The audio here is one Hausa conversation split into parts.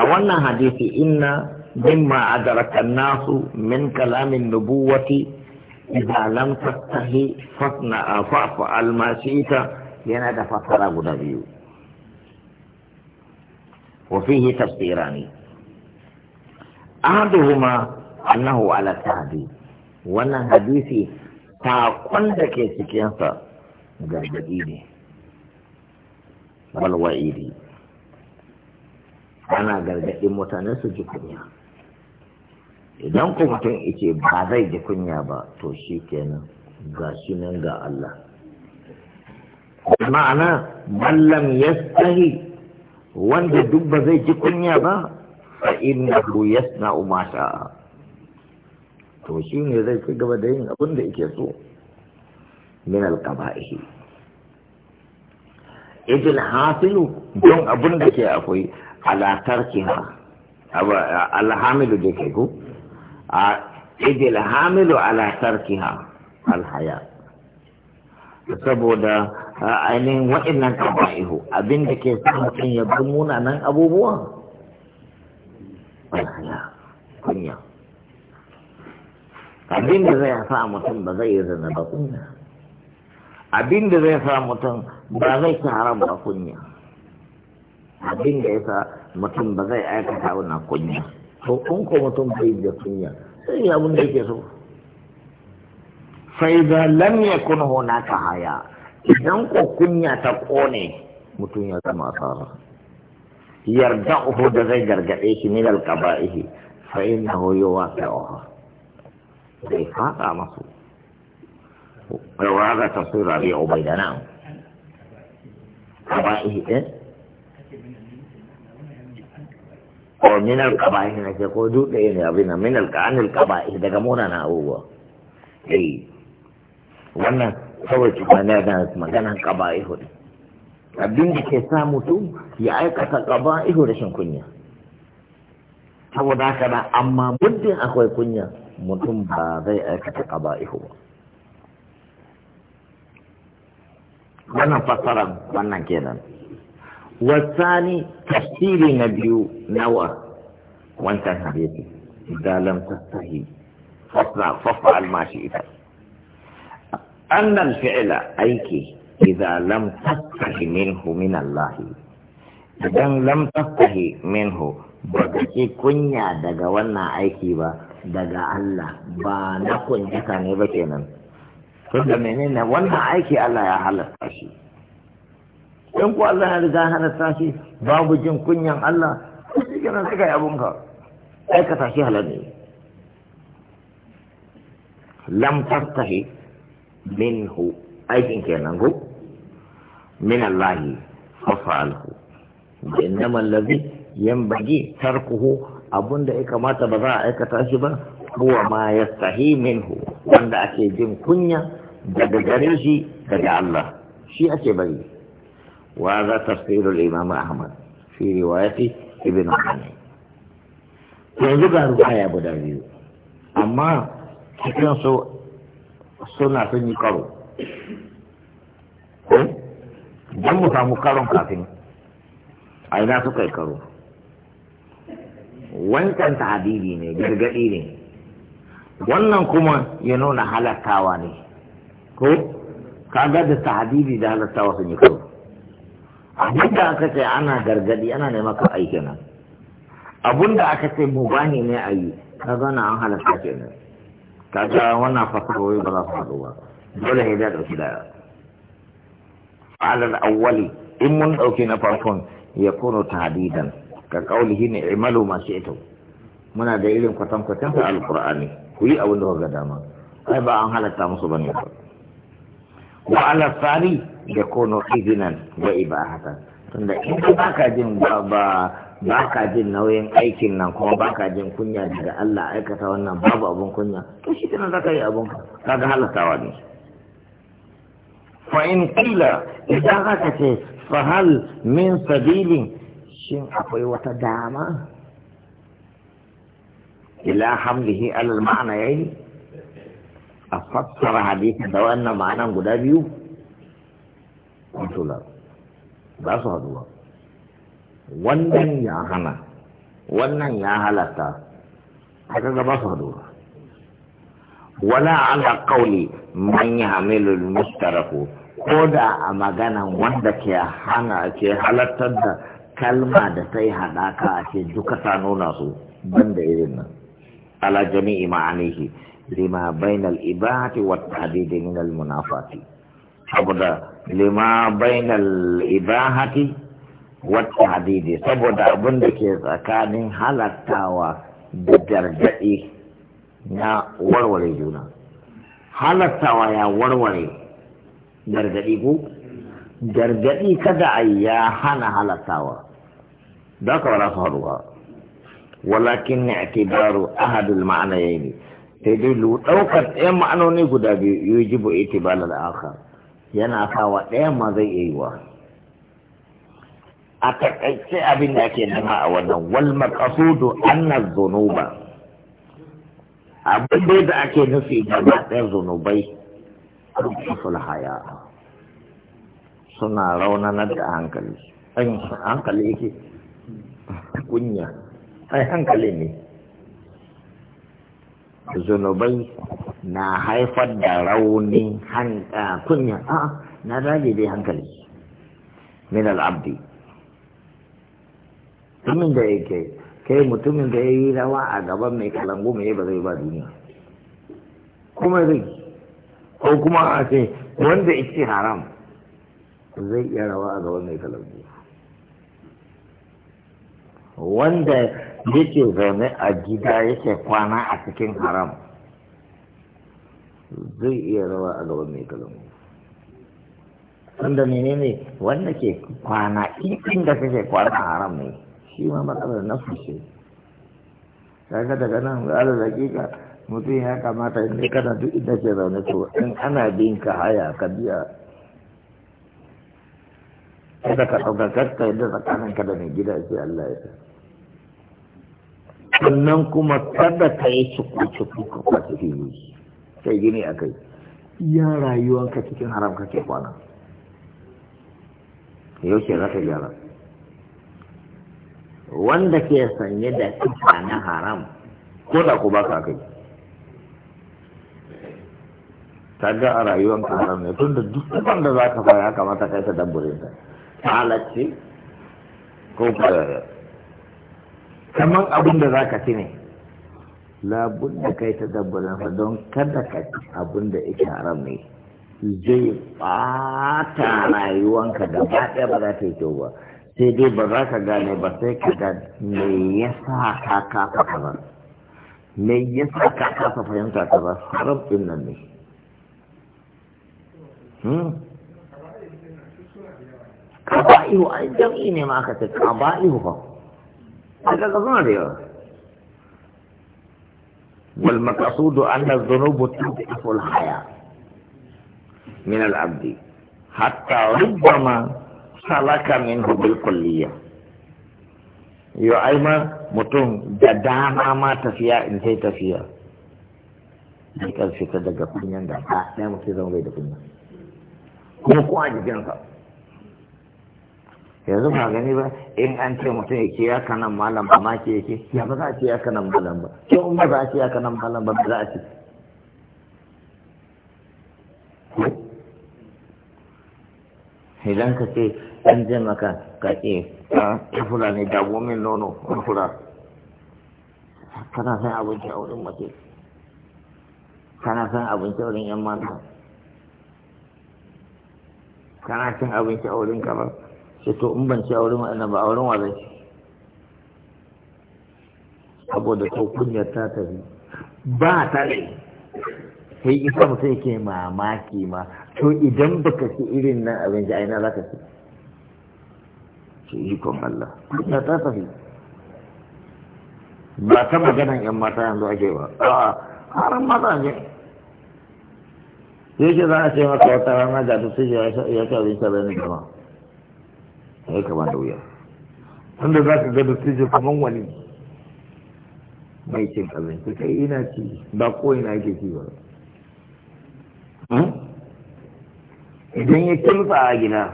a حديثي إن مما أدرك الناس من كلام النبوة إذا لم تستهي فاصنع فافعل ما شئت ينادى فترى نبي وفيه تفسيران أحدهما أنه على التهديد وانا حديثي تاقون دكي سكينسا جديد والوئيدي ana gargaɗin mutane su ji kunya idan ku mutum ike ba zai ji kunya ba to shi kenan ga shi nan ga Allah ma'ana mallam yastahi wanda duk ba zai ji kunya ba fa hu yasna'u ma sha'a to shi ne zai ci gaba da yin abin da yake so min alqaba'ihi idil hasilu don abin da ke akwai ala tarkiha alhamilu da ke ku a idil hamilu ala tarkiha alhaya saboda ainihin waɗannan kaba'ihu abin da ke sa mutum ya bi munanan abubuwa alhaya kunya abin da zai sa mutum ba zai yi zana ba kunya abin da zai sa mutum ba zai ci haram ba kunya abin da yasa mutum ba zai aikata wannan kunya to kun ko mutum bai da kunya sai ya abin da yake so sai da lam yakun hunaka haya idan ko kunya ta kone mutum ya zama asara yarda uhu da zai gargaɗe shi min alqaba'ihi fa innahu yuwaqi'uha zai fada masu wa hada tafsir abi ubaida na'am qaba'ihi eh ko minal qaba'i na ke ko duk ne abin na minal kanil qaba'i daga na abubuwa eh wannan kawai tukwane da maganan qaba'i hudu abin da ke sa mutum ya aikata qaba'i hudu rashin kunya saboda haka da amma muddin akwai kunya mutum ba zai aikata qaba'i ba wannan fassara wannan kenan والثاني تفسير نبي نوى وانتهى حديثي إذا لم تستهي فاصنع فافعل ما شئت أن الفعل أيك إذا لم تستهي منه من الله إذا لم تستهي منه بدأت كنيا دقا وانا أيكي با دقا الله با نكون جكا نبكينا كنت منين وانا أيكي الله يا حلق أشي in ku Allah ya riga hana sashi babu jin kunyan Allah shi kenan suka yi abunka aikata shi halal ne lam tastahi minhu aikin kenan ko min Allah fa'alhu innama allazi yanbaghi tarkuhu abunda ya kamata ba za a aikata shi ba huwa ma yastahi minhu wanda ake jin kunya daga gare shi daga Allah shi ake bari وهذا تفسير الإمام أحمد في رواية ابن حني yanzu ga ruwaya guda biyu amma cikin su suna sun yi karo don mu samu karon kafin a ina suka yi karo wancan ta'adili ne gargaɗi ne wannan kuma ya nuna halattawa ne ko kaga da ta'adili da halattawa sun yi karo abin da aka ce ana gargadi ana neman ka aiki nan abin da aka ce mu bani ne a yi ka zana an halatta ke nan ka ga wannan wai ba za su faɗo ba dole ne da ɗauki da alal awwali in mun ɗauki na farkon ya kono tahdidan ka kaulihi ne imalu ma shi'tu muna da irin kwatankwatan sa alqur'ani ku yi abin da ga dama ai ba an halatta musu bane ba wa ala tsari da kono izinan a ibahatan tunda in ka baka jin ba baka jin nauyin aikin nan kuma baka jin kunya daga Allah aikata wannan babu abun kunya to shi kana zaka yi abun kaga halastawa ne fa in kila idan aka ce fa hal min sabilin shin akwai wata dama ila hamlihi alal ma'ana yayi a fassara hadisi da wannan ma'anan guda biyu kwantolar ba su haduwa wannan ya hana wannan ya halatta haka ga ba su haduwa wala ala kauli man ya hamilul mustarafu ko da a maganan wanda ke hana ke halattar da kalma da ta yi haɗaka a ce duka ta nuna su banda irin nan ala jami'i ma'anihi لما بين الإباحة والتحديد من المنافات سبدا لما بين الإباحة والتحديد سبدا بندك كان هل التاوى بدرجة يا ورولي جونا هل التاوى يا ورولي درجة إيكو درجة كذا أي هنا هل التاوى ذكر ولكن اعتبار أحد المعنيين sai lu ɗaukar ɗayan ma'anoni guda biyu yi jibo iti bala da aka yana sawa ɗayan ma zai iya yi wa a taƙaice abin da ake nema a wannan wal maqsudu anna zonoba abin da ake nufi gaba ɗaya zunubai rufaful haya suna raunanar da hankali hankali yake kunya hankali ne zunubai na haifar da raunin kunya a na rage dai hankali min al'abdi mutumin da yake kai mutumin da ya yi rawa a gaban mai kalangu mai ba zai ba duniya kuma zai ko kuma a ce wanda yake haram zai iya rawa a gaban mai kalangu wanda yake zaune a gida yake kwana a cikin haram zai iya rawa a gaban mai kalamu wanda ne wanda ke kwana in da kake kwana a haram ne shi ma matsalar na fushe kaga daga nan ala zakika mutum ya kamata in kana duk inda ke zaune to in ana bin ka haya ka biya kada ka ɗauka kakka yadda tsakaninka da mai gida ce Allah ya sa sannan kuma kada ka yi cikin cikin ka kwace fili sai gini a kai rayuwa ka cikin haram kake kwana yau ce za ka gyara wanda ke sanye da tufa na haram ko da ku ba ka kai ta ga a ka haram ne tun da duk da za ka fara ya kamata kai ta dabburin ta halacci ko kwayar kamar abin da za ka ci ne labun da kai ta fa don kada ka ci abin da yake haram ne zai ɓata rayuwanka gaba ɗaya ba za ta yi kyau ba sai dai ba za ka gane ba sai ka ga me ya sa ka kafa ka ba me ya sa ka kafa fahimta ka ba haram ɗin nan ne ƙaba'ihu hmm? ai jam'i ne ma aka ce kaba'ihu fa هذا ظاهر والمقصود أن الذنوب تضعف الحياة من العبد حتى ربما سلك منه بالكلية يو أيما متون دداما ما تفيا إن هي تفيا لكن في تدقى كنيا دا ما مستيزم غير كنيا kuma ko yanzu ma gani ba in an ce mutum ya ce ya kanan malam ba ma ke yake ya ba za a ce ya kanan malam ba ke in ba za a ce ya kanan malam ba za a ce idan ka ce an je maka ka ce ta ah, fura ne da gomin nono wani fura kana san abinci a wurin mace kana san abinci a wurin yan mata kana san abinci a wurin kamar sai to in ban ci a wurin wa'annan ba a wurin wa zai saboda ko kunyar ta tafi ba ta rai sai isa mutum yake mamaki ma to idan baka ci irin nan ji aina za ka ci shi ikon Allah kunya ta tafi ba ta maganan yan mata yanzu ake ba a haram mata ne yake za a ce maka wata rana ga duk sai ya ce abin bai ne gama ya kama da wuya wanda za ka ga da dattijo kamar wani mai cin abinci kai ina ci ba ko ina ake ci ba hmm? idan ya kimsa a gida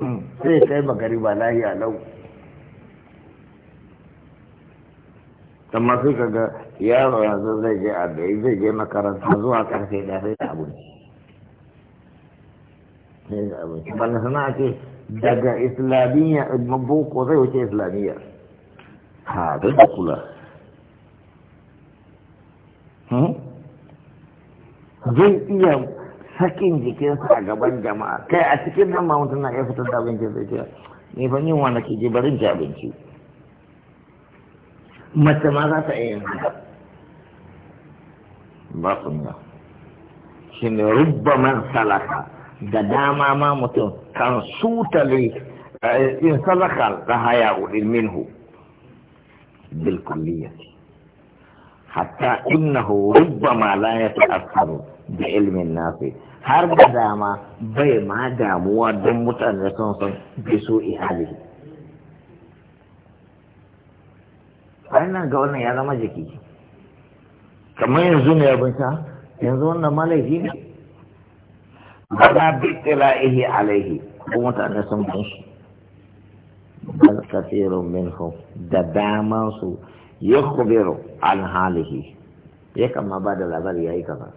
hmm, sai kai magari ba a lau amma sai kaga yaro yanzu zai je a bai zai je makaranta zuwa karfe da sai da abinci sai da abinci ba na sana'a ce daga islamiyya boko zai wuce islamiyya ha zai da kula hmm? zai iya sakin jikinsa a gaban jama'a kai a cikin nan ma na ya fitar da abincin zai ce ne fa yin wani ke je barin ci abinci mace ma za ta iya yin haka ba kunya shi ne rubba man salaka da dama ma mutum kan sutale eh, in salaka da haya udin minhu bil hatta innahu rubbama la yata'assaru bi ilmin nafi har da dama bai ma damuwa don mutane sun san bi so ihali wannan ga wannan ya zama jiki kamar yanzu ne abin yanzu wannan malaiki ne bana ihi alaihi ko mutane sun ban shi bal kathirun minhum da dama su yakhbiru an halihi ya kama ba da labari yayi kaza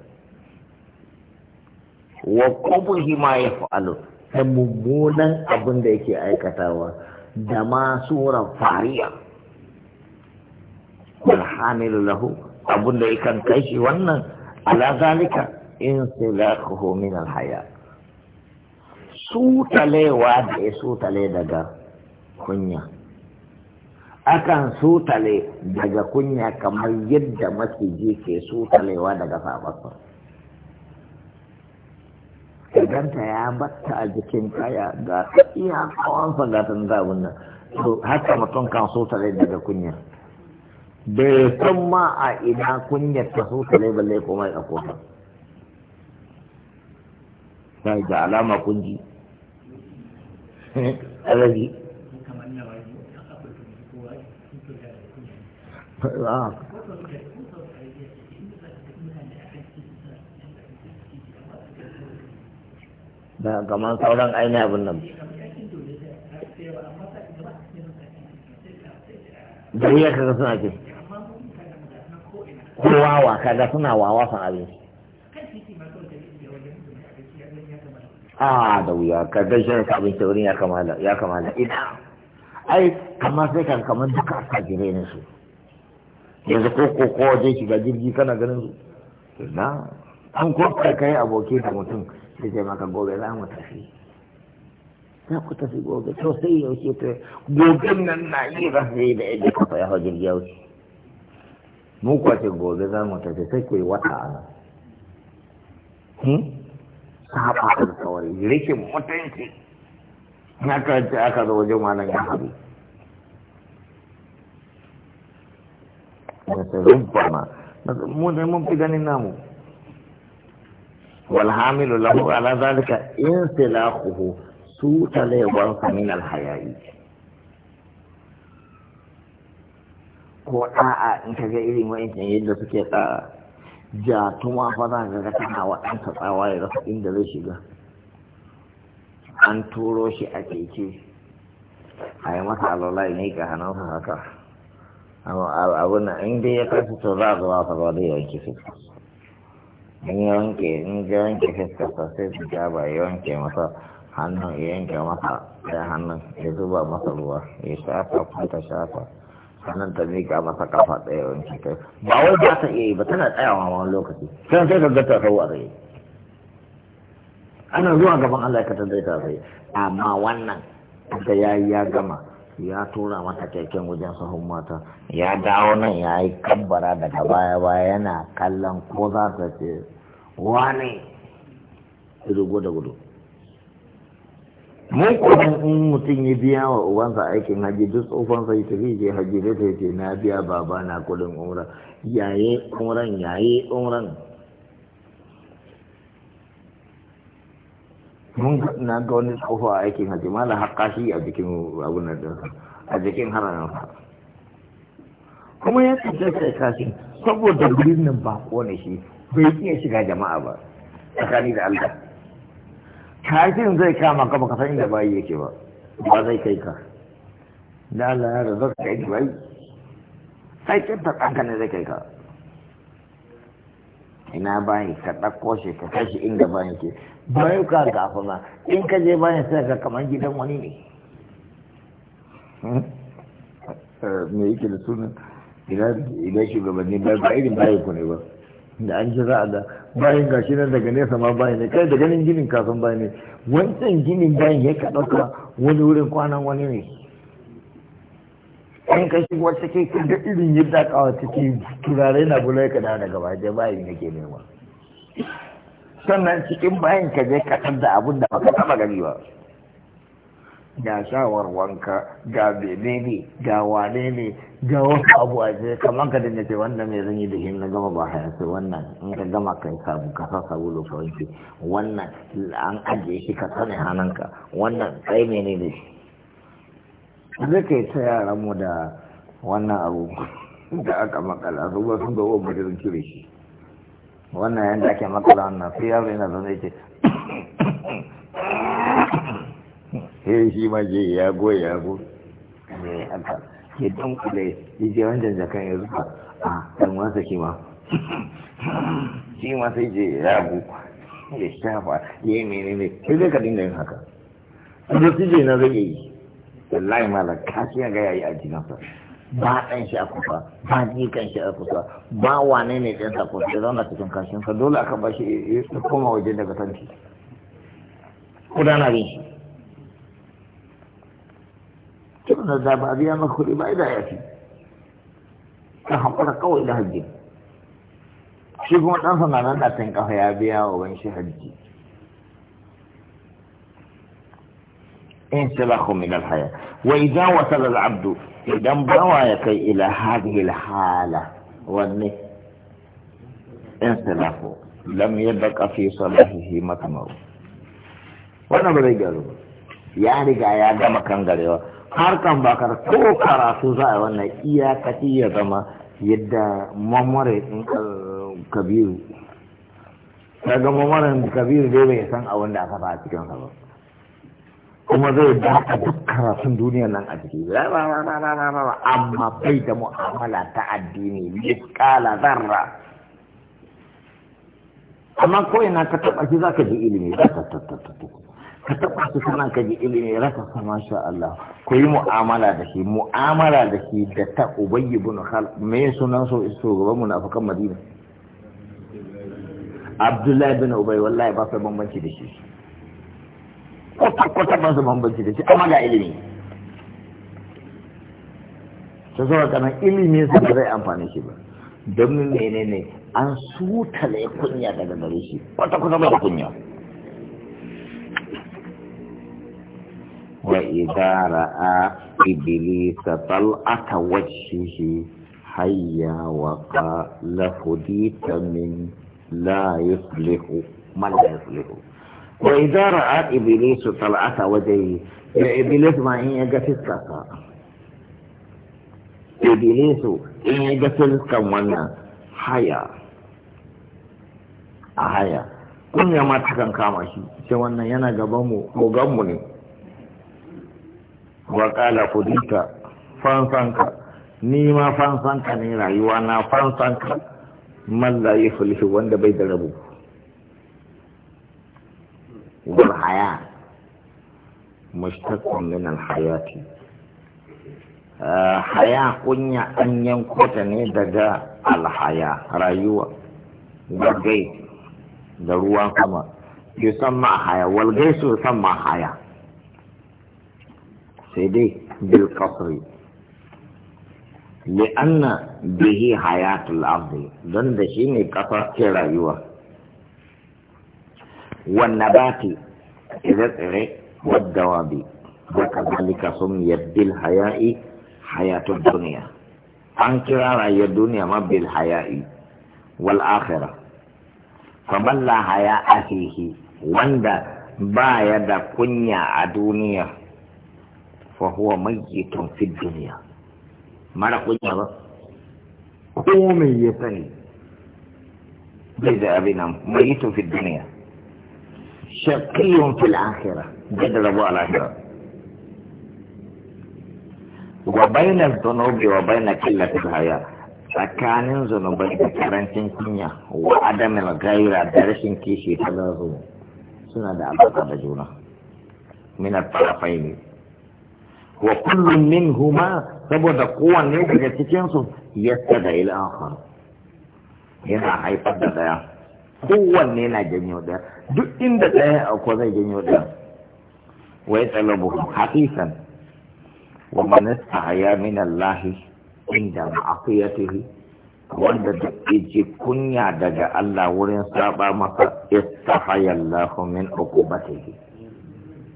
wa qubuhi ma yaf'alu ta mummunan abin da yake aikatawa da ma suran fariya wal hamilu lahu abin da yakan kai shi wannan ala zalika insilakuhu min alhaya sutalewa da ya sutale daga kunya akan sutale daga kunya kamar yadda maciji ke sutalewa daga idan ta ya batta a jikin kaya ga iya kawansa ga tun zabin nan to haka mutum kan sutale daga kunya bai san ma a ina kunyarta ta sutale balle komai a kotun sai da alama kun ji alaji ah. da kamar sauran aini abin nan da ya kaga suna ce kowa wa kaga suna wawa san abinci a ah, da wuya ka gaishe ka abinci wurin ya kamala ina ai kamar sai kan kamar duka attajirai ne su yanzu ko ko ko waje shiga jirgi kana ganin su na an ko kai aboki da mutum sai ce maka gobe za mu tafi za ku tafi gobe to sai ce ta goben nan na yi ba sai da yadda ya faya hajjin yauci mu kwace gobe za mu tafi sai ku yi wata a nan hmm? saba alkawari rikin mutunci na karanta aka zo wajen malam ya haɗu da ta rumfa ma mu dai mun fi ganin namu والحامل له على ذلك انسلاخه سوء ليوانس من الحياء ko a'a in ka ga irin wa'in yadda suke tsara ja tuma fa za ka ga tana wa ɗansa tsawa ya rasa inda zai shiga an turo shi a keke a yi masa alwala ne ga hannunsa haka abin nan in dai ya kasu to za a zuwa ka zuwa da yawanki fuska in ya wanke in ya wanke fuska sai su ja ba ya wanke masa hannun ya yanke masa ɗaya hannun ya zuba masa ruwa ya shafa kuma ta shafa sannan ta mika masa kafa ɗaya wani kai ba wai ba ta iya yi ba tana tsayawa wani lokaci sai sai ka ga ta sau a tsaye ana zuwa gaban Allah ka zai ta tsaye amma wannan da ya ya gama ya tura mata keken wajen sahun mata ya dawo nan ya yi kabbara daga baya baya yana kallon ko za ta ce wani rugo da gudu mun kudin in mutum ya biya wa ubansa aikin haji duk tsofansa ya tafi je haji da ta ce na biya baba na kudin umra yaye umran yaye umran mun na ga wani tsofa a aikin haji mala haƙa shi a jikin abun nan ɗinsa a jikin haramin kuma ya tafi sai kashi saboda birnin ba kone shi bai iya shiga jama'a ba tsakani da Allah kashin zai kama ka baka san inda bayi yake ba ba zai kai ka da Allah ya raza ka kai bayi sai kinta kanka ne zai kai ka ina bayi ka ɗakko shi ka kai shi inda bayi ke bayan ka gafa ma in ka je bayan sai ka kamar gidan wani ne hmm? eh, me yake da sunan idan shugabanni ba irin bayi ku ne ba da an ji ra'ada bayan gashi nan daga nesa ma bayan ne kai da ganin ginin kafin bayan ne wancan ginin bayan ya ka ɗauka wani wurin kwanan wani ne in ka shigo take kin da irin yadda kawa take turare na bula ka da daga da bayan ne ke nema sannan cikin bayan ka je ka da abin da baka taba gani ba ga shawar wanka ga bene ne ga wane ne ga wani abu a ce kamar ka dinga ce wannan mai zanyi da hin na gama ba haya sai wannan in ka gama kai sabu ka sa sabu lokacin wanke wannan an ajiye shi ka sani hannunka wannan tsaye mene ne shi zai kai ta yaran mu da wannan abu da aka makala su ba sun ga uwan mutum cire shi wannan yadda ake makala wannan sai yaro yana zama ya sai shi ma je ya goya ya go ne aka ke don kule je wancan jakan ya zuba a dan wasa shi ma shi ma sai je ya go ya shafa ya yi mene ne sai zai ka da yin haka a lokacin je na zai yi wallahi malam kashi ga yayi a jinansa ba ɗan shi a kusa ba jikan shi a kusa ba wane ne ɗan sa kusa ya zauna cikin kashin sa dole aka ba shi ya koma waje daga tanki kudana bin shi من الذهب هذه المدخول إما إذا يأتي نحن قلت إلى هجي شوفوا ما تنفعنا ندع تنكه يا وبنشي هجي انسلخ من الحياة وإذا وصل العبد إذا مبوايك إلى هذه الحالة والنه انسلخ لم يبقى في صلاحه مطمئن وانا يا يعني قاعدة مكان قريبا harkan bakar ko karatu za a wannan ka ya zama yadda mamare in kabiru daga mamaren kabiru dai bai san a wanda aka a cikin ba kuma zai baka duk karatun duniya nan a ciki amma bai da mu'amala ta addini kala zarra amma ko ina ka taɓa shi za ka ji ilimi za ka ka taɓa su sanan ka ji ilimi rasa sama masha Allah ku yi mu'amala da shi mu'amala da shi da ta ubayyi bin khal me sunan so iso gaban munafikan Madina Abdullahi bin Ubay wallahi ba su bambanci da shi Ko ta ba su bambanci da shi amma ga ilimi sai zuwa kana ilimi su ba zai amfani shi ba don menene an sutale kunya daga gare shi kwata kwata ba kunya wa’idara a ibili ta tsal’ata wacce shi hayya wa ka lafudita min layus lihu man layus lihu wa’idara a ibili su tsal’ata wajen yi ya ibili ma in ya ga fiskata ibili su in ya ga fiskan wannan haya kun ya mata kan kama shi Sai wannan yana gaban mu, ko mu ne wa kala kudita fansanka ni ma fansanka ne rayuwa na fansanka man la yuflihu wanda bai da rabu wal haya mushtaqun min al hayati ah, haya kunya an yanko ta ne daga alhaya rayuwa walgai da ruwa kuma yusamma haya walgai su yusamma haya sai dai bil kasri li'anna bihi hayatul ardi don da shi ne kafa ce rayuwa wan nabati ila tsire wad dawabi wa kadhalika sumiyat bil haya'i hayatud dunya an kira rayuwar duniya ma bil haya'i wal akhirah faman la haya ahihi wanda baya da kunya a duniya فهو ميت في الدنيا ما نقول هذا هو ميتين جزاء بنا نعم. ميت في الدنيا شقي في الآخرة جدل أبو الآخرة وبين الذنوب وبين قلة الحياة فكان الذنوب كان تنكنيا وعدم الغير adamin كيشي da سنة kishi ta suna da wa kullum min huma saboda kowanne daga cikinsu yadda da il'akhar yana haifar da daya kowanne na janyo daya duk inda daya akwai zai janyo daya wai talabu hafisan wa man istahaya min Allah inda ma'afiyatihi wanda duk yaji kunya daga Allah wurin saba masa istahaya Allah min uqubatihi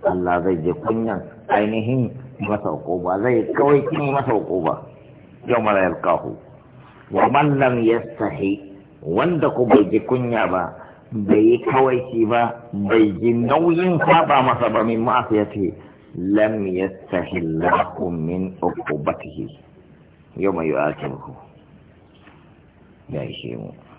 Allah zai je kunyan ainihin masa ba zai kawai kin masa ba yau mara yalkahu wa man lam yastahi wanda ku bai ji kunya ba bai yi kawai shi ba bai ji nauyin saba masa ba min ma'asiyati lam yastahi lahu min uqubatihi yau mai ku. ya shi mu